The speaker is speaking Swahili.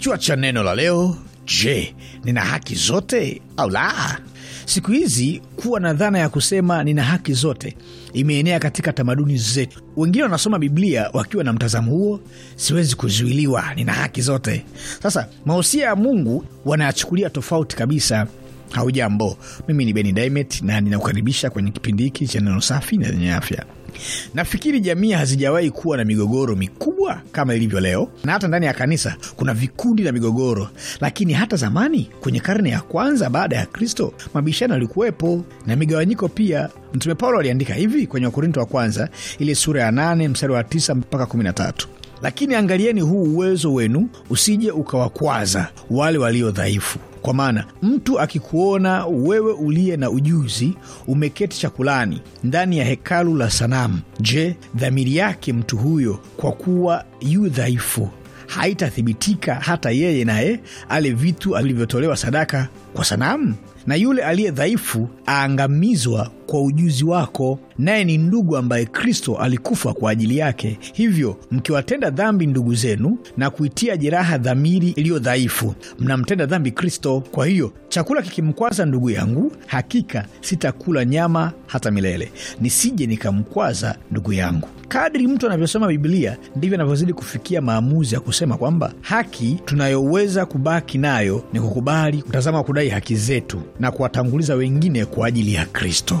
Kichwa cha neno la leo: Je, nina haki zote au la? Siku hizi kuwa na dhana ya kusema nina haki zote imeenea katika tamaduni zetu. Wengine wanasoma Biblia wakiwa na mtazamo huo, siwezi kuzuiliwa, nina haki zote. Sasa mahusia ya Mungu wanayachukulia tofauti kabisa. Haujambo, mimi ni Beni na ninakukaribisha kwenye kipindi hiki cha neno safi na lenye afya. Nafikiri jamii hazijawahi kuwa na migogoro mikubwa kama ilivyo leo, na hata ndani ya kanisa kuna vikundi na migogoro. Lakini hata zamani, kwenye karne ya kwanza baada ya Kristo, mabishano yalikuwepo na migawanyiko pia. Mtume Paulo aliandika hivi kwenye Wakorinto wa kwanza ile sura ya 8 mstari wa 9 mpaka 13: lakini angalieni huu uwezo wenu usije ukawakwaza wale walio dhaifu kwa maana mtu akikuona wewe uliye na ujuzi umeketi chakulani ndani ya hekalu la sanamu, je, dhamiri yake mtu huyo, kwa kuwa yu dhaifu, haitathibitika hata yeye naye ale vitu alivyotolewa sadaka kwa sanamu? Na yule aliye dhaifu aangamizwa kwa ujuzi wako, naye ni ndugu ambaye Kristo alikufa kwa ajili yake. Hivyo mkiwatenda dhambi ndugu zenu na kuitia jeraha dhamiri iliyo dhaifu, mnamtenda dhambi Kristo. Kwa hiyo chakula kikimkwaza ndugu yangu, hakika sitakula nyama hata milele, nisije nikamkwaza ndugu yangu. Kadri mtu anavyosoma Biblia ndivyo anavyozidi kufikia maamuzi ya kusema kwamba haki tunayoweza kubaki nayo ni kukubali kutazama kudai haki zetu na kuwatanguliza wengine kwa ajili ya Kristo.